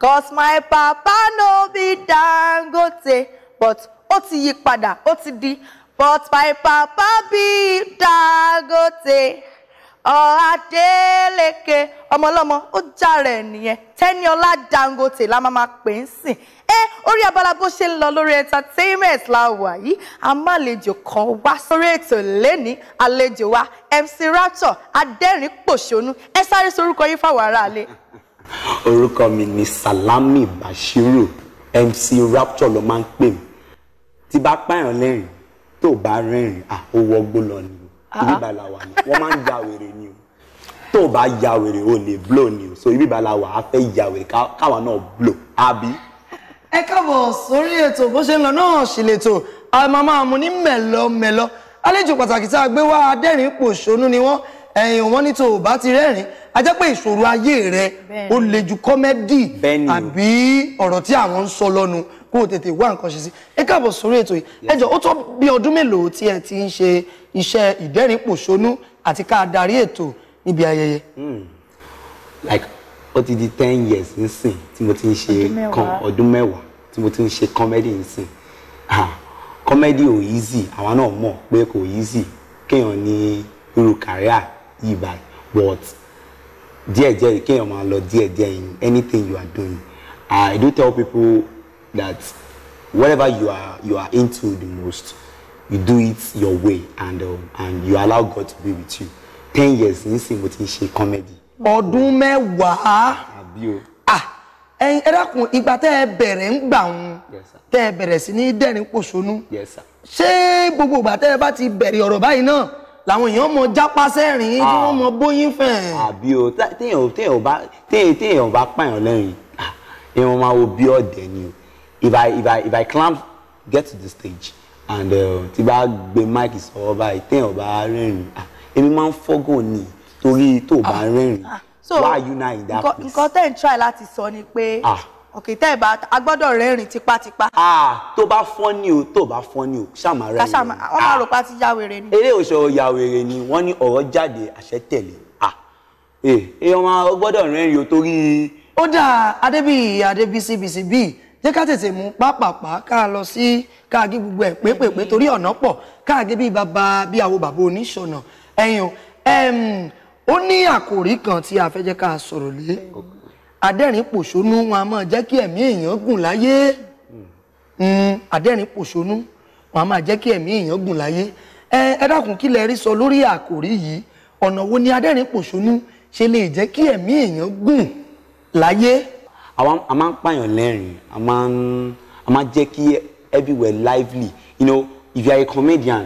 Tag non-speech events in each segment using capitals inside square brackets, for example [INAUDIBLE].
cause my papa no be Dangote but ó ti yí padà ó ti di but my papa be Dangote ọ̀hádéleke ọmọlọ́mọ ó jàre nìyẹn Tẹ́níọlá Dangote la máa máa pè ń sìn ẹ orí abala bó ṣe ń lọ lórí entertainment la wà yìí amálejò kan wá sórí ètò lẹ́ni àlejò wa MC Rapture adẹ́rìn-pòṣónú ẹ sáré sorúkọ yín fáwọn aráalé orúkọ mi ni Salami Bashiru MC Rapture ló máa ń pè mí tí bá pààyàn lẹ́rìn tó bá rẹ́rìn à ó wọgbó lọ ni ah. ibi bala wà ni wọ́n máa ń ya wèrè ni o tó bá ya wèrè o lè blow ni o so ibi bala wà á fẹ́ ya wèrè káwa náà blow Abi. ẹ káàbọ̀ sórí ètò bó ṣe ń lọ náà ṣì lè tò a máa máa mu ní mẹ̀lọ́mẹ̀lọ́ àlejò pàtàkì tá a gbé wá adẹ́rìn-ín-pọ̀ṣónú ni wọ́n ẹ̀yìn wọn ní tó bá ti rẹ́rìn-ín a jẹ́ pé ìṣòro ayé rẹ ó le ju kọ́mẹ́dì àbí ọ̀rọ̀ tí àwọn ń sọ lọ́nu kó o tètè wá nǹkan ṣe sí ẹ káàbọ̀ sórí ètò yìí ẹ ó tó bí ọdún mélòó tí ẹ ti ń ṣe iṣẹ́ ìdẹ́rìnpòṣónú àti ká darí ètò níbi ayẹyẹ. Hmm. like ó ti di ten years nísìn tí mo ti ń ṣe kan ọdún mẹ́wàá tí mo ti ń ṣe kọ́mẹ́dì nísìn kọ́mẹ́dì ò easy àwa náà mọ̀ pé kò easy kéèyàn ní irú kàríà yìí báyìí but díẹ̀díẹ̀ kéèyàn máa lọ díẹ̀díẹ̀ in anything you are doing I do tell people that whatever you are you are into the most you do it your way and um, and you allow God to be with you ten years nísìnyí mo ti ń ṣe comedy. ọdún mẹ́wàá ah, ẹ̀yin ẹ dákun ìgbà tẹ́ ẹ bẹ̀rẹ̀ ń gbà wọn tẹ́ ẹ bẹ̀rẹ̀ sí ní dẹ́rìn pòṣónú ṣé gbogbo ìgbà tẹ́ ẹ bá ti bẹ̀rẹ̀ ọ̀rọ̀ báyìí náà làwọn èèyàn mọ jápá sẹ́rìn tí wọ́n mọ ah. bóyín fẹ̀. àbí o téèyàn téèyàn bá téèyàn bá pààyàn lẹ́rìn èèyàn máa wo bí ọ̀dẹ̀ ni o if i if i if i climb, get to the stage and uh, tí bá gbé mic sọ̀rọ̀ báyìí téèyàn bá rẹ́rìn èmi máa ń fọ́gàn ni torí tó bá ah, rẹ́rìn ah, why you na in that place. nǹkan tẹ́ ń try láti sọ ni pé. Ah òkè tẹ́ ẹ̀ bá a gbọ́dọ̀ rẹ́rìn tipátipá. tó bá fọ́n ni o tó bá fọ́n ni o ṣàmà rẹ̀ ni. wọ́n máa rò pa ti ya wèrè ni. eré òṣò ya wèrè ni wọ́n ní ọ̀rọ̀ jáde àṣẹ tẹ̀lé. ẹ ọmọ ọ gbọ́dọ̀ rẹ́rìn o torí. ó dà adébíyì adébísí bìsí bíi jẹ́ ká tètè mú pápápá ká lọ sí káàgé gbogbo ẹ̀ pépèpé torí ọ̀nà pọ̀ káàgé bíi bàbá bíi àwo bàbá oníṣọ̀nà ẹ̀yìn ó ní àkòrí kan tí a fẹ́ jẹ́ ká sọ̀rọ̀ lé adẹ́rìn pòṣónú wọn a máa jẹ́ kí ẹ̀mí èèyàn gùn láyé hmm, adẹ́rìn pòṣónú wọn a máa jẹ́ kí ẹ̀mí èèyàn gùn láyé ẹ dákun kí lẹ rí sọ lórí àkòrí yìí ọ̀nà wo ni adẹ́rìn pòṣónú ṣe lè jẹ́ kí ẹ̀mí èèyàn gùn láyé. àwọn a máa ń pààyàn lẹ́rìn a máa ń a máa jẹ́ kí everywhere lively you know if you are a comedian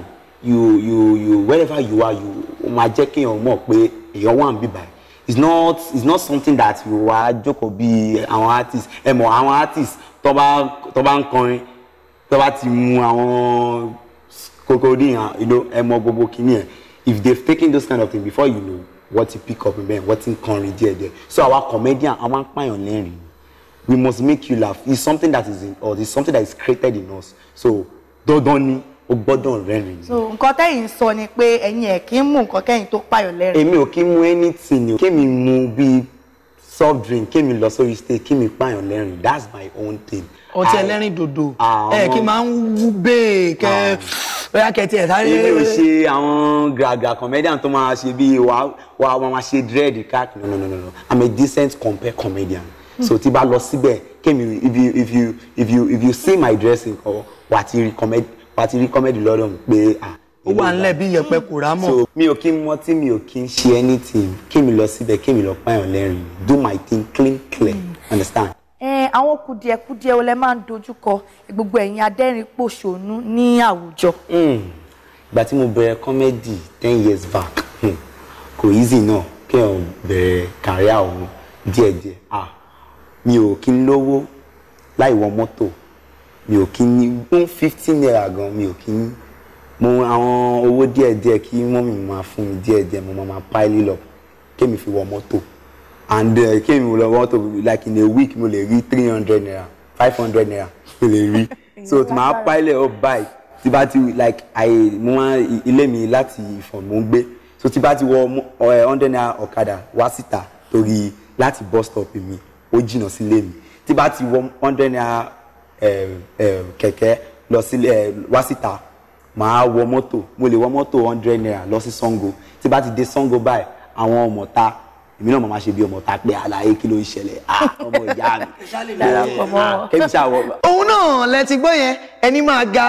you you you wherever you are you máa jẹ́ kéèyàn mọ̀ pé èèyàn wà ń bíbáyìí it's not it's not something that you wa or be àwọn artist ẹ mọ̀ àwọn artist Toba, toba, tó bá ń kọrin tó ti mu àwọn cocodine you know ẹ mọ̀ gbogbo kìíní ẹ if they've taken those kind of things before you know what you pick up bẹ́ẹ̀ what to kọrin díẹ̀ díẹ̀ so our comedian a máa ń pààyàn lẹ́rìn we must make you laugh it's something that is in us it's something that is created in us so dandan ni ó gbọ́dọ̀ rẹ́rìn. so nǹkan tẹ́yìn sọ ni pé ẹ̀yin ẹ̀ kì í mú nǹkan kẹ́yìn tó pààyàn lẹ́rìn. èmi ò kí ń mú anything o kémi mu bíi soft drink kémi lọ sórí stage kémi pààyàn lẹ́rìn that's my own thing. ọtí ẹlẹ́rìn dòdò ẹ kí máa ń wú bẹ́ẹ̀ kẹ́ ah. bóyá kẹtì ẹ̀ sáré. èmi ò ṣe àwọn gàgà comedian tó máa ṣe bíi wà wà wà máa ṣe dread káàkiri no no no no i'm a decent compare comedian so tí bá lọ síbẹ̀ kémi if you if you if you if you see my dressing or wà á ti recommend wàá ti rí kọ́mẹ́dì lọ́dọ̀ mi pé ah ó wà ń lẹ̀ bí yẹpẹ hmm. kò rá mọ̀. so mi ò kí n mọtí mi ò kí n ṣe anything kí mi lọ síbẹ̀ kí mi lọ pààyàn lẹ́rìn do my thing clean clear mm. understand. ẹ àwọn kùdìẹ̀kudiẹ o lẹ máa ń dojúkọ gbogbo ẹ̀yin adẹ́rìn pòṣónú ní àwùjọ. Hmm. ìgbà tí mo bẹ̀rẹ̀ comedy ten years back hmm, kò easy náà kí n bẹ̀rẹ̀ kàríà ọ̀hún díẹ̀díẹ̀ mi ò kí n lówó láì wọ mọ́tò mi ò kí ní one fifty naira gan mi ò kí ní mo àwọn owó díẹ̀díẹ̀ kí mọ́mì mi máa fún mi díẹ̀díẹ̀ mo máa pile up kémi fi wọ mọ́tò and eh, kémi lọ mọ́tò like in a week mo lè rí three hundred naira five hundred naira mo lè rí [LAUGHS] so màá pile up báyìí tí bá ti like àyè mo máa ilé mi láti Ìfọ̀n mo ń gbé so tí bá ti wọ eh, hundred naira ọ̀kadà wá síta torí láti bus stop mi ó jìnnà sílé mi tí bá ti wọ hundred naira kẹ̀kẹ́ lọ sílẹ̀ wá síta màá wọ mọ́tò mo lè wọ mọ́tò hundred naira lọ sí Sango tí bá ti dé Sango báyìí àwọn ọmọọta èmi náà màmá ṣe bí ọmọọta pé àlàyé kí ló ń ṣẹlẹ̀ ọmọ ìyá mi kébí ṣàwọ. òun náà lẹ ti gbọ́ yẹn ẹni máa ga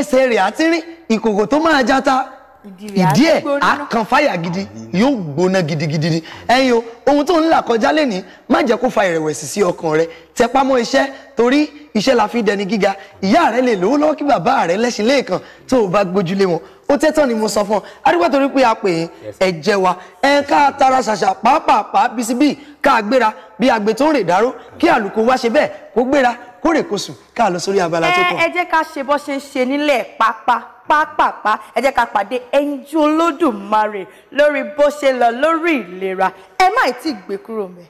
ẹsẹ̀ rẹ̀ àtìrín ìkòkò tó máa jata ìdí a àkàn fáyà gidi yóò gbóná gidigidi ni ẹ̀yin o ohun tó ń là kọjá lẹ́ni má jẹ́ kó fa ìrẹ̀wẹ̀sì sí ọkàn rẹ tẹpá mọ́ iṣẹ́ torí iṣẹ́ la fi dẹni gíga ìyá rẹ lè lówó lọ́wọ́ kí bàbá rẹ lẹ́sìn lẹ́ẹ̀kan tó o bá gbójúlé wọn ó tẹ́tàn ni mo sọ fún ọ adúgbò torí pé a pè é ẹ̀jẹ̀ wa ẹ̀ ká tara ṣàṣà pàápàá bísí bíi ká gbéra bí àgbẹ̀ tó ń rè dáró kí àlùkò wá ṣe bẹ́ẹ̀ kó gbéra kórèkósùn ká lọ sórí abala tó kàn. ẹ jẹ́ ká ṣe bó ṣe ń ṣe nílẹ̀ pápá pápápá ẹ jẹ́ ká pàdé ẹnjú olódùmarè lórí bó ṣe lọ lórí ìlera ẹ má ì tí ì gbé kúrò mẹ́.